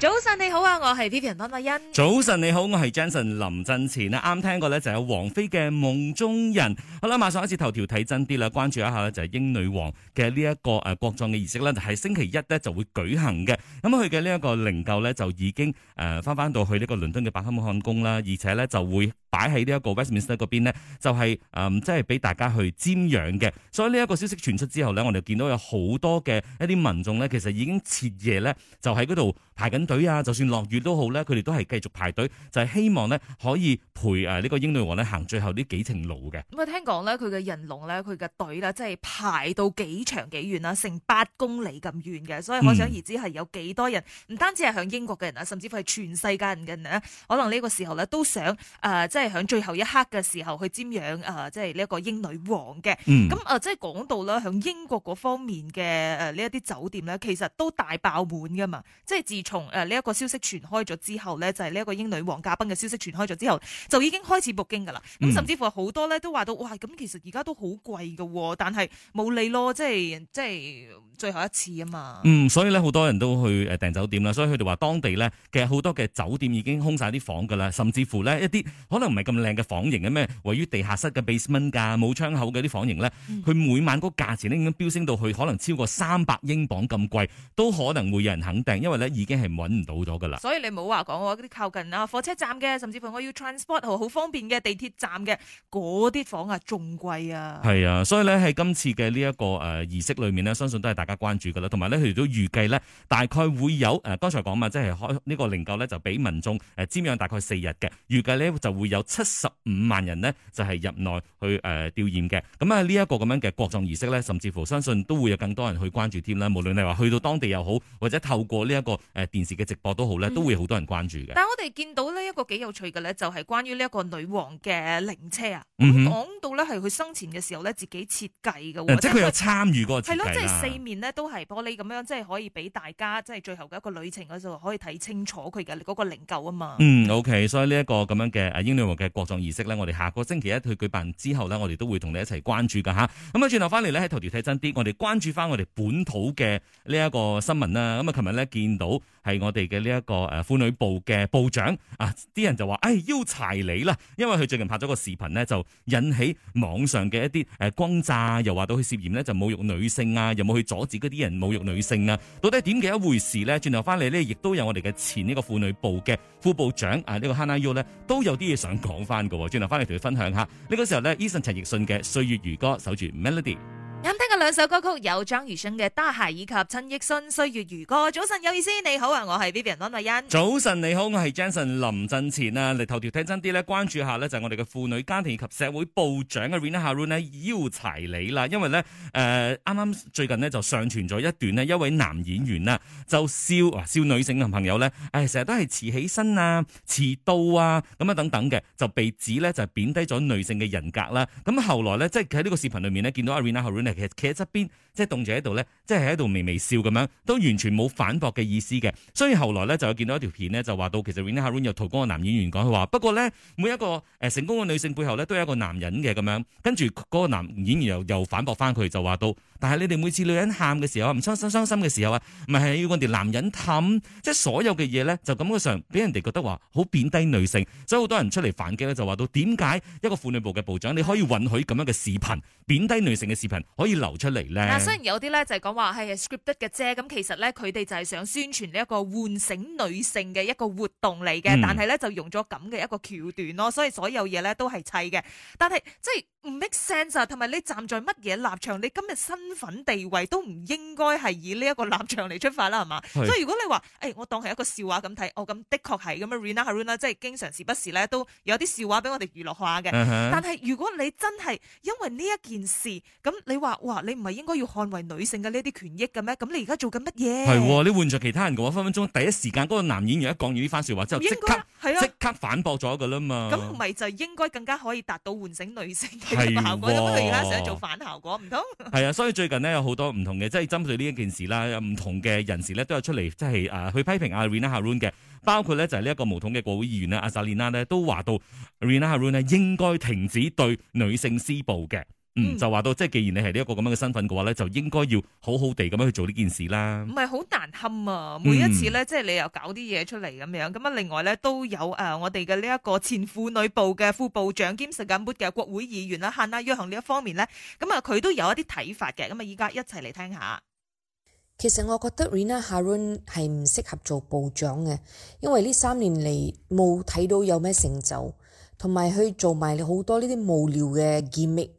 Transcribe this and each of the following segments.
早晨你好啊，我係 Vivian 溫柏欣。早晨你好，我係 Jensen 林振前啊，啱聽過咧就有王菲嘅夢中人。好啦，馬上一次頭條睇真啲啦，關注一下咧就係英女王嘅呢一個誒國葬嘅儀式啦，就係、是、星期一咧就會舉行嘅。咁佢嘅呢一個靈柩咧就已經誒翻翻到去呢個倫敦嘅白金漢宮啦，而且咧就會擺喺呢一個 Westminster 嗰邊呢，就係誒即係俾大家去瞻仰嘅。所以呢一個消息傳出之後呢，我哋見到有好多嘅一啲民眾呢，其實已經徹夜咧就喺嗰度隊啊，就算落雨都好咧，佢哋都係繼續排隊，就係希望呢可以陪誒呢個英女王咧行最後呢幾程路嘅。咁，聽講咧佢嘅人龍咧，佢嘅隊啦，即係排到幾長幾遠啦，成八公里咁遠嘅，所以可想而知係有幾多人，唔、嗯、單止係響英國嘅人啊，甚至乎係全世界人嘅人咧，可能呢個時候咧都想誒、呃，即係響最後一刻嘅時候去瞻仰誒，即係呢一個英女王嘅。咁、嗯、啊、嗯呃，即係講到啦，響英國嗰方面嘅誒呢一啲酒店咧，其實都大爆滿噶嘛，即係自從。誒，呢一個消息傳開咗之後呢，就係呢一個英女王駕崩嘅消息傳開咗之後，就已經開始暴京噶啦。咁、嗯、甚至乎好多呢都話到，哇！咁其實而家都好貴噶，但係冇理咯，即係即係最後一次啊嘛。嗯，所以呢，好多人都去誒訂酒店啦，所以佢哋話當地呢，其實好多嘅酒店已經空晒啲房噶啦，甚至乎呢，一啲可能唔係咁靚嘅房型嘅咩，位於地下室嘅 basement 噶，冇窗口嘅啲房型呢，佢、嗯、每晚嗰個價錢已經飆升到去可能超過三百英鎊咁貴，都可能會有人肯訂，因為呢已經是係揾唔到咗噶啦，所以你冇話講我嗰啲靠近啊，火車站嘅，甚至乎我要 transport 好方便嘅地鐵站嘅，嗰啲房啊仲貴啊，係啊，所以咧喺今次嘅呢一個誒儀式裏面呢，相信都係大家關注噶啦，同埋咧佢哋都預計咧大概會有誒剛、呃、才講嘛，即係開呢個靈柩咧就俾民眾誒瞻仰大概四日嘅，預計咧就會有七十五萬人呢，就係入內去誒吊唁嘅，咁啊呢一個咁樣嘅國葬儀式咧，甚至乎相信都會有更多人去關注添啦，無論你話去到當地又好，或者透過呢、這、一個誒。呃電視嘅直播都好咧，都會好多人關注嘅、嗯。但係我哋見到呢一個幾有趣嘅咧，就係、是、關於呢一個女王嘅靈車啊，講、嗯、到咧係佢生前嘅時候咧自己設計嘅、嗯，即係佢有參與過係咯，即係、就是、四面呢都係玻璃咁樣，即、就、係、是、可以俾大家即係、就是、最後嘅一個旅程嗰度可以睇清楚佢嘅嗰個靈柩啊嘛。嗯，OK，所以呢一個咁樣嘅英女王嘅國葬儀式咧，我哋下個星期一去舉辦之後咧，我哋都會同你一齊關注嘅吓。咁、嗯、啊，轉頭翻嚟咧喺頭條睇真啲，我哋關注翻我哋本土嘅呢一個新聞啦。咁啊，琴日咧見到。係我哋嘅呢一個誒、呃、婦女部嘅部長啊，啲人就話誒、哎、要柴你啦，因為佢最近拍咗個視頻呢，就引起網上嘅一啲誒轟炸，又話到佢涉嫌呢就侮辱女性啊，又冇去阻止嗰啲人侮辱女性啊，到底點嘅一回事呢？轉頭翻嚟呢，亦都有我哋嘅前呢個婦女部嘅副部長啊呢、這個 Hana Yu 呢，都有啲嘢想講翻喎。轉頭翻嚟同佢分享下。呢、這個時候呢，Eason 陳奕迅嘅歲月如歌，守住 melody。咁聽嘅兩首歌曲有張雨生嘅《得鞋》以及陳奕迅《歲月如歌》。早晨有意思，你好啊，我係 Vivian 溫慧欣。早晨你好，我係 Jason 林振前啊，嚟頭條聽真啲咧，關注下咧就係我哋嘅婦女家庭及社會部長嘅 Rina Haruna 邀齊你啦。因為咧誒，啱啱最近呢，就上傳咗一段呢一位男演員啦就笑啊笑女性嘅朋友咧，誒成日都係遲起身啊、遲到啊咁啊等等嘅，就被指咧就係貶低咗女性嘅人格啦。咁後來咧即係喺呢個視頻裏面咧見到 Rina Haruna。其實企喺側邊，即係動住喺度咧，即係喺度微微笑咁樣，都完全冇反駁嘅意思嘅。所以後來咧，就有見到一條片咧，就話到其實 Rainy Harun 又同嗰個男演員講，佢話不過咧，每一個誒成功嘅女性背後咧，都有一個男人嘅咁樣。跟住嗰個男演員又又反駁翻佢，就話到。但係你哋每次女人喊嘅時候唔傷心傷心嘅時候啊，唔係要我哋男人氹，即係所有嘅嘢咧，就咁樣上，俾人哋覺得話好貶低女性，所以好多人出嚟反擊咧，就話到點解一個婦女部嘅部長，你可以允許咁樣嘅視頻貶低女性嘅視頻可以流出嚟咧？嗱，雖然有啲咧就係講話係 scripted 嘅啫，咁其實咧佢哋就係想宣傳呢一個喚醒女性嘅一個活動嚟嘅，嗯、但係咧就用咗咁嘅一個橋段咯，所以所有嘢咧都係砌嘅，但係即係。唔 make sense 啊，同埋你站在乜嘢立場？你今日身份地位都唔應該係以呢一個立場嚟出發啦，係嘛？所以如果你話，誒、欸，我當係一個笑話咁睇，哦，咁的確係咁啊，runner runner 即係經常時不時咧都有啲笑話俾我哋娛樂下嘅、uh -huh。但係如果你真係因為呢一件事，咁你話，哇，你唔係應該要捍衞女性嘅呢啲權益嘅咩？咁你而家做緊乜嘢？係、哦，你換着其他人嘅話，分分鐘第一時間嗰個男演員一講完呢番笑話之後，即刻係啊，即刻反駁咗㗎啦嘛。咁唔係就應該更加可以達到喚醒女性的？係喎，佢而家想做反效果，唔通、哦？係啊，所以最近有好多唔同嘅，即係針對呢一件事啦，有唔同嘅人士咧都有出嚟，即係、呃、去批評阿 Rina Haroon 嘅，包括咧就係呢一個巫統嘅國會議員啦，阿 Azalina 咧都話到 Rina Haroon 咧應該停止對女性施暴嘅。嗯，就話到，即係既然你係呢一個咁樣嘅身份嘅話咧，就應該要好好地咁樣去做呢件事啦。唔係好難堪啊，每一次咧、嗯，即係你又搞啲嘢出嚟咁樣。咁啊，另外咧都有誒，我哋嘅呢一個前婦女部嘅副部長兼 Segambut 嘅國會議員啦，哈娜約行呢一方面咧，咁啊，佢都有一啲睇法嘅。咁啊，依家一齊嚟聽下。其實我覺得 Rina Harun 係唔適合做部長嘅，因為呢三年嚟冇睇到有咩成就，同埋去做埋你好多呢啲無聊嘅建議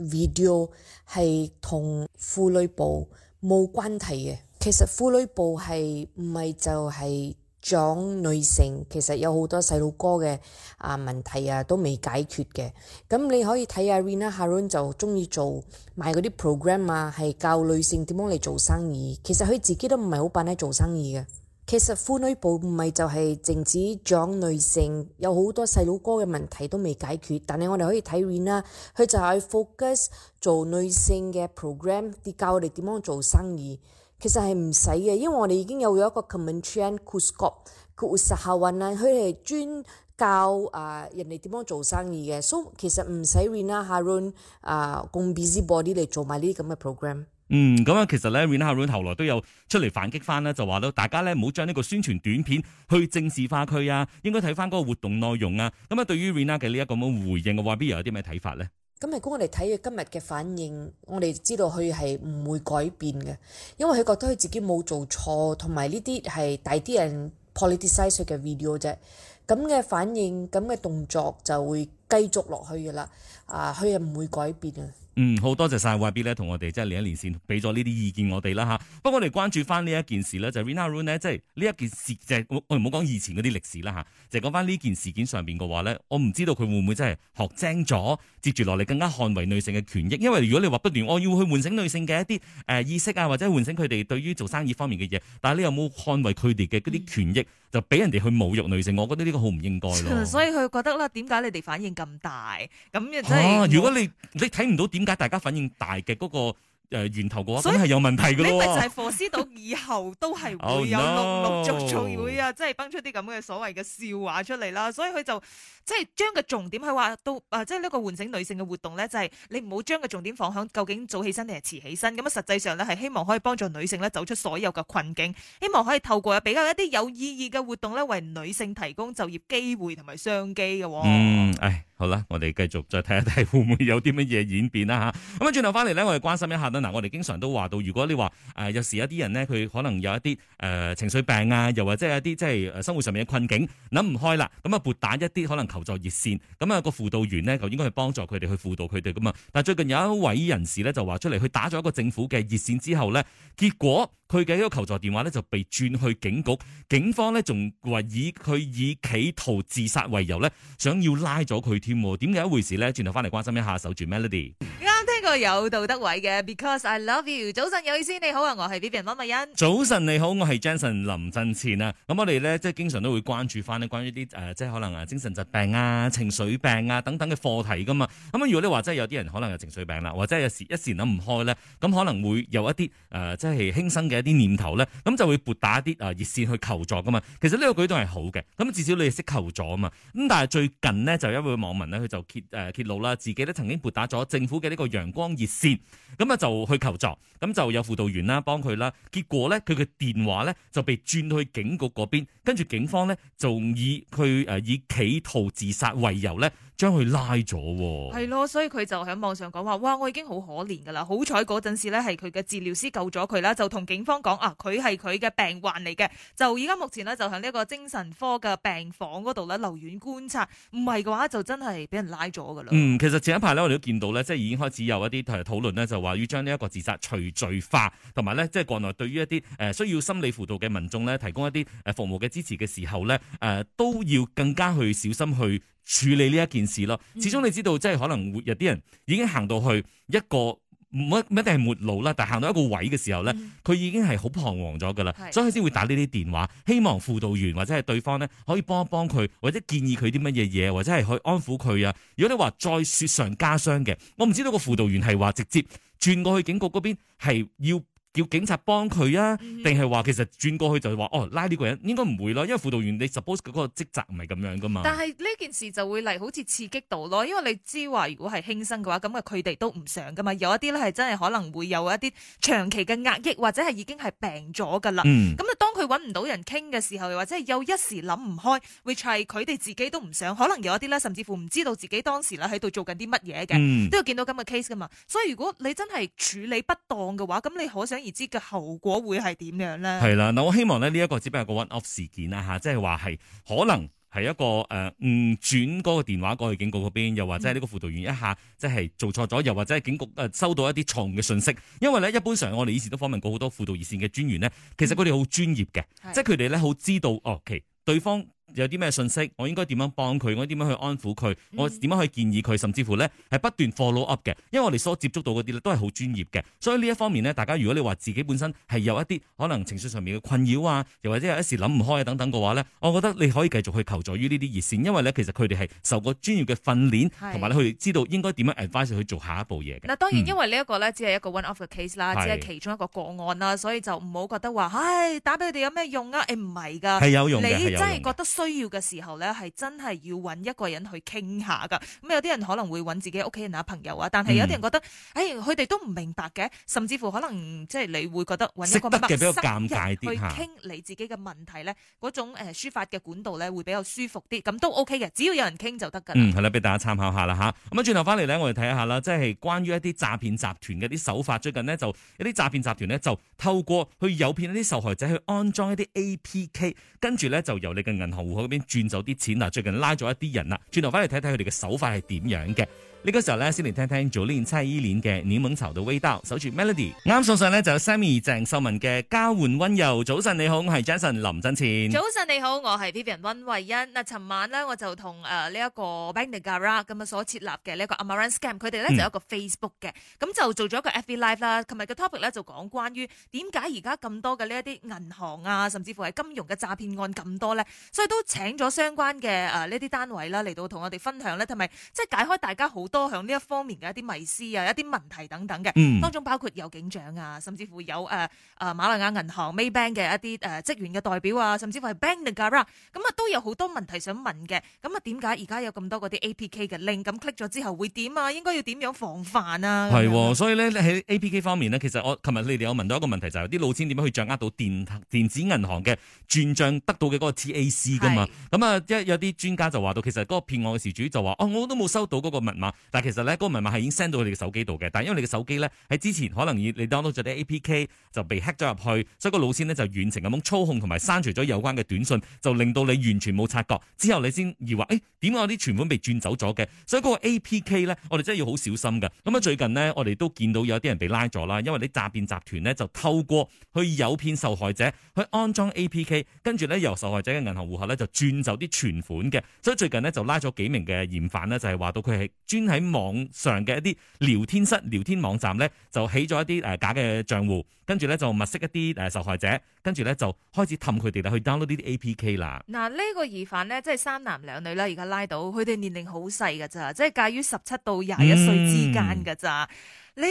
Video 係同婦女部冇關係嘅，其實婦女部係唔係就係講女性，其實有好多細路哥嘅啊問題啊都未解決嘅。咁你可以睇下 Rina Harun 就中意做賣嗰啲 program 啊，係教女性點樣嚟做生意。其實佢自己都唔係好揼得做生意嘅。其實婦女部唔係就係淨止講女性，有好多細佬哥嘅問題都未解決。但係我哋可以睇 Rina，佢就係 focus 做女性嘅 program，啲教我哋點樣做生意。其實係唔使嘅，因為我哋已經有咗一個 Kementerian KUSKOP，佢會實行啊。佢係專教啊人哋點樣做生意嘅，所以其實唔使 Rina Harun 啊、呃，共 Busybody 嚟做埋呢咁嘅 program。嗯，咁啊，其實咧，Renaroon 後來都有出嚟反擊翻啦，就話到大家咧唔好將呢個宣傳短片去正視化佢啊，應該睇翻嗰個活動內容啊。咁啊，對於 Rena 嘅呢一個咁回應嘅話 i 有啲咩睇法咧？咁如果我哋睇佢今日嘅反應，我哋知道佢係唔會改變嘅，因為佢覺得佢自己冇做錯，同埋呢啲係大啲人 politicize 嘅 video 啫。咁嘅反應，咁嘅動作就會繼續落去嘅啦。啊，佢唔會改變啊。嗯，好多謝晒 YB 呢，同我哋即係連一連線俾咗呢啲意見我哋啦吓。不過我哋關注翻呢一件事咧，就 Rina Run 呢，即係呢一件事，即、就、係、是就是、我唔好講以前嗰啲歷史啦吓、啊，就講翻呢件事件上邊嘅話咧，我唔知道佢會唔會真係學精咗，接住落嚟更加捍衛女性嘅權益。因為如果你話不斷，我要去喚醒女性嘅一啲誒、呃、意識啊，或者喚醒佢哋對於做生意方面嘅嘢，但係你有冇捍衛佢哋嘅嗰啲權益，就俾人哋去侮辱女性，我覺得呢個好唔應該咯。其實所以佢覺得咧，點解你哋反應咁大咁、就是？啊，如果你你睇唔到點？點解大家反應大嘅嗰、那個？誒，源頭嘅話都係有問題嘅咯，你咪就係佛師道以後都係會有陸陸續續會啊，即係崩出啲咁嘅所謂嘅笑話出嚟啦。所以佢就即係將個重點係，佢話到誒，即係呢個喚醒女性嘅活動咧，就係、是、你唔好將個重點放響究竟早起身定係遲起身。咁啊，實際上咧係希望可以幫助女性咧走出所有嘅困境，希望可以透過比較一啲有意義嘅活動咧，為女性提供就業機會同埋商機嘅。嗯，唉，好啦，我哋繼續再睇一睇會唔會有啲乜嘢演變啦吓。咁啊，轉頭翻嚟咧，我哋關心一下啦。嗱、啊，我哋經常都話到，如果你話誒、呃，有時一啲人呢，佢可能有一啲誒、呃、情緒病啊，又或者係一啲即係生活上面嘅困境，諗唔開啦，咁啊撥打一啲可能求助熱線，咁、那、啊個輔導員呢，就應該去幫助佢哋去輔導佢哋噶嘛。但係最近有一位人士呢，就話出嚟，佢打咗一個政府嘅熱線之後呢，結果佢嘅一個求助電話呢，就被轉去警局，警方呢，仲話以佢以企圖自殺為由呢，想要拉咗佢添喎，點解一回事呢？轉頭翻嚟關心一下，守住 Melody。呢個有道德位嘅，Because I love you。早晨有意思，你好啊，我係 Vivian 溫美欣。早晨你好，我係 Jensen 林振前啊。咁、嗯、我哋咧即係經常都會關注翻咧關於啲誒即係可能啊精神疾病啊情緒病啊等等嘅課題噶嘛。咁、嗯、如果你話即係有啲人可能有情緒病啦，或者有時一時諗唔開咧，咁、嗯、可能會有一啲誒、呃、即係輕生嘅一啲念頭咧，咁、嗯、就會撥打一啲誒熱線去求助噶嘛。其實呢個舉動係好嘅，咁、嗯、至少你識求助啊嘛。咁但係最近呢，就一位網民咧佢就揭誒、呃、揭露啦，自己咧曾經撥打咗政府嘅呢個楊光熱線咁啊，就去求助，咁就有輔導員啦幫佢啦。結果咧，佢嘅電話咧就被轉去警局嗰邊，跟住警方咧就以佢誒以企圖自殺為由咧。將佢拉咗，係咯，所以佢就喺網上講話，哇，我已經很可憐，了好可憐噶啦！好彩嗰陣時呢，係佢嘅治療師救咗佢啦，就同警方講啊，佢係佢嘅病患嚟嘅。就而家目前呢，就喺呢一個精神科嘅病房嗰度呢，留院觀察。唔係嘅話，就真係俾人拉咗噶啦。嗯，其實前一排呢，我哋都見到呢，即係已經開始有一啲誒討論呢，就話要將呢一個自殺除罪化，同埋呢，即係國內對於一啲誒、呃、需要心理輔導嘅民眾呢，提供一啲誒服務嘅支持嘅時候呢，誒、呃、都要更加去小心去。處理呢一件事咯，始終你知道，即係可能會有啲人已經行到去一個唔一一定係末路啦，但係行到一個位嘅時候咧，佢、嗯、已經係好彷徨咗噶啦，所以佢先會打呢啲電話，希望輔導員或者係對方咧可以幫一幫佢，或者建議佢啲乜嘢嘢，或者係去安撫佢啊。如果你話再雪上加霜嘅，我唔知道個輔導員係話直接轉過去警局嗰邊係要。叫警察幫佢啊？定係話其實轉過去就係話哦拉，呢個人應該唔會咯，因為輔導員你 suppose 嘅嗰個職責唔係咁樣噶嘛。但係呢件事就會嚟好似刺激到咯，因為你知話如果係輕生嘅話，咁啊佢哋都唔想噶嘛。有一啲咧係真係可能會有一啲長期嘅壓抑，或者係已經係病咗噶啦。咁、嗯、啊當佢揾唔到人傾嘅時候，又或者係有一時諗唔開，which 係佢哋自己都唔想。可能有一啲咧甚至乎唔知道自己當時咧喺度做緊啲乜嘢嘅，都有見到咁嘅 case 噶嘛。所以如果你真係處理不當嘅話，咁你可想。而知嘅後果會係點樣咧？係啦，嗱，我希望咧呢一個只不過係個 one off 事件啦吓，即係話係可能係一個誒轉嗰個電話過去警局嗰邊，又或者係呢個輔導員一下即係做錯咗，又或者係警局誒收到一啲錯誤嘅信息。因為咧，一般上我哋以前都訪問過好多輔導熱線嘅專員咧，其實佢哋好專業嘅，即係佢哋咧好知道哦，其、OK，對方。有啲咩信息，我應該點樣幫佢？我點樣去安撫佢、嗯？我點樣去建議佢？甚至乎呢，係不斷 follow up 嘅，因為我哋所接觸到嗰啲都係好專業嘅，所以呢一方面呢，大家如果你話自己本身係有一啲可能情緒上面嘅困擾啊，又或者有一時諗唔開等等嘅話呢，我覺得你可以繼續去求助於呢啲熱線，因為咧其實佢哋係受過專業嘅訓練，同埋咧佢知道應該點樣 advise 去做下一步嘢嘅。嗱，當然因為呢一個呢，只係一個 one off 嘅 case 啦、嗯，只係其中一個個案啦，所以就唔好覺得話唉打俾佢哋有咩用啊？誒唔係㗎，係有用嘅，你真係覺得，需要嘅時候咧，係真係要揾一個人去傾下噶。咁有啲人可能會揾自己屋企人啊、朋友啊，但係有啲人覺得，嗯、哎，佢哋都唔明白嘅，甚至乎可能即係你會覺得揾一個陌生人去傾你自己嘅問題咧，嗰種誒抒發嘅管道咧會比較舒服啲，咁都 OK 嘅，只要有人傾就得噶。嗯，係啦，俾大家參考下啦吓。咁啊，轉頭翻嚟咧，我哋睇下啦，即係關於一啲詐騙集團嘅啲手法，最近呢，就有一啲詐騙集團咧就透過去誘騙一啲受害者去安裝一啲 APK，跟住咧就由你嘅銀行。戶口嗰邊轉走啲錢喇，最近拉咗一啲人啦，轉頭翻嚟睇睇佢哋嘅手法係點樣嘅。呢、這個時候咧，先嚟聽聽早年蔡依林嘅檸檬草的味道，守住 Melody。啱送上呢就有 Sammi 鄭秀文嘅交換溫柔。早晨你好，我係 Jason 林振前。早晨你好，我係 Vivian 溫慧欣。嗱、啊，尋晚咧我就同誒呢一個 Bank Negara 咁啊所設立嘅呢一個 Amaran scam，佢哋咧就有一個 Facebook 嘅，咁、嗯、就做咗一個 FB Live 啦。琴日嘅 topic 咧就講關於點解而家咁多嘅呢一啲銀行啊，甚至乎係金融嘅詐騙案咁多咧，所以都請咗相關嘅誒呢啲單位啦嚟到同我哋分享咧，同埋即係解開大家好。多向呢一方面嘅一啲迷思啊，一啲問題等等嘅、嗯，當中包括有警長啊，甚至乎有誒誒、呃、馬來亞銀行 Maybank 嘅一啲誒職員嘅代表啊，甚至乎係 Bank Negara，咁啊都有好多問題想問嘅。咁啊點解而家有咁多嗰啲 APK 嘅 link？咁 click 咗之後會點啊？應該要點樣防範啊？係、嗯哦，所以咧喺 APK 方面咧，其實我琴日你哋有問到一個問題，就係、有啲老千點樣去掌握到電電子銀行嘅轉賬得到嘅嗰個 TAC 噶嘛？咁啊，即係、嗯、有啲專家就話到，其實嗰個騙案嘅事主就話哦我都冇收到嗰個密碼。但其實咧，嗰個密碼係已經 send 到你嘅手機度嘅。但係因為你嘅手機咧，喺之前可能你 download 咗啲 A P K 就被 hack 咗入去，所以個老線呢就遠程咁樣操控同埋刪除咗有關嘅短信，就令到你完全冇察覺。之後你先疑惑，誒，點解我啲存款被轉走咗嘅？所以嗰個 A P K 咧，我哋真係要好小心嘅。咁啊，最近呢，我哋都見到有啲人被拉咗啦，因為你詐騙集團呢，就透過去誘騙受害者去安裝 A P K，跟住咧由受害者嘅銀行戶口咧就轉走啲存款嘅。所以最近呢，就拉咗幾名嘅嫌犯呢，就係話到佢係專。喺網上嘅一啲聊天室、聊天網站咧，就起咗一啲誒假嘅賬戶，跟住咧就物色一啲誒受害者，跟住咧就開始氹佢哋去 download 呢啲 APK 啦。嗱，呢個疑犯咧，即係三男兩女啦，而家拉到佢哋年齡好細噶咋，即係介於十七到廿一歲之間噶咋、嗯。你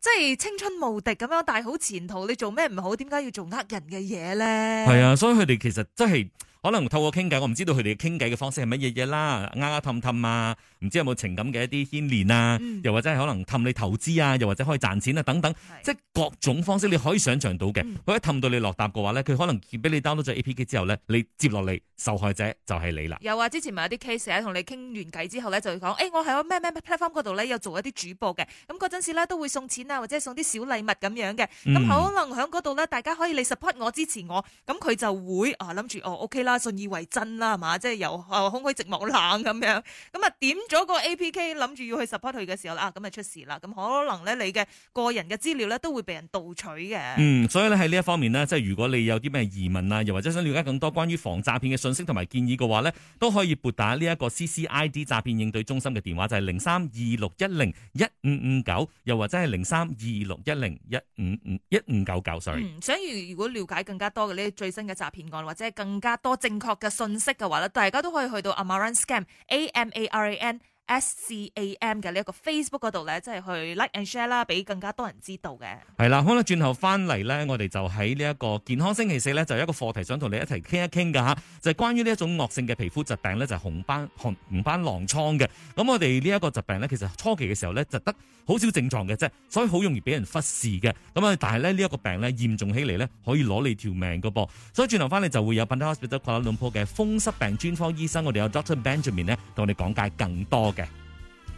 即係青春無敵咁樣，大好前途，你做咩唔好？點解要做呃人嘅嘢咧？係啊，所以佢哋其實真係。可能透過傾偈，我唔知道佢哋傾偈嘅方式係乜嘢嘢啦，啞啞氹氹啊，唔知有冇情感嘅一啲牽連啊，嗯、又或者係可能氹你投資啊，又或者可以賺錢啊等等，是即係各種方式你可以想像到嘅。佢、嗯、一氹到你落答嘅話咧，佢可能俾你 download 咗 A P K 之後咧，你接落嚟。受害者就係你啦，有啊，之前咪有啲 case 咧，同你傾完偈之後咧，就講，誒、欸，我喺咩咩咩 platform 嗰度咧，有做一啲主播嘅。咁嗰陣時咧都會送錢啊，或者送啲小禮物咁樣嘅，咁可能喺嗰度咧，大家可以嚟 support 我支持我，咁佢就會啊諗住哦，ok 啦，信以為真啦，係嘛，即係又、啊、空虛寂寞冷咁樣，咁啊點咗個 apk 諗住要去 support 佢嘅時候啦，咁啊咪出事啦，咁可能咧你嘅個人嘅資料咧都會被人盜取嘅。嗯，所以咧喺呢一方面呢，即係如果你有啲咩疑問啊，又或者想了解更多關於防詐騙嘅。信息同埋建議嘅話咧，都可以撥打呢一個 CCID 詐騙應對中心嘅電話，就係零三二六一零一五五九，又或者係零三二六一零一五五一五九九。sorry。嗯，想如，如果瞭解更加多嘅呢啲最新嘅詐騙案，或者更加多正確嘅信息嘅話咧，大家都可以去到 Amaran Scam，A M A R A N。S C A M 嘅呢一個 Facebook 嗰度咧，即係去 like and share 啦，俾更加多人知道嘅。係啦，好啦，轉頭翻嚟咧，我哋就喺呢一個健康星期四咧，就有一個課題，想同你一齊傾一傾嘅吓，就係關於呢一種惡性嘅皮膚疾病咧，就係紅斑紅斑狼瘡嘅。咁我哋呢一個疾病咧，其實初期嘅時候咧，就得好少症狀嘅啫，所以好容易俾人忽視嘅。咁啊，但係呢一個病咧，嚴重起嚟咧，可以攞你條命嘅噃。所以轉頭翻嚟就會有 Peninsula Kuala Lumpur 嘅風濕病專科醫生，我哋有 Dr Benjamin 咧，同我哋講解更多。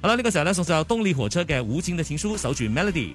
好了，呢個時候咧，送上動力火車嘅《無情的情書》，手舉 Melody。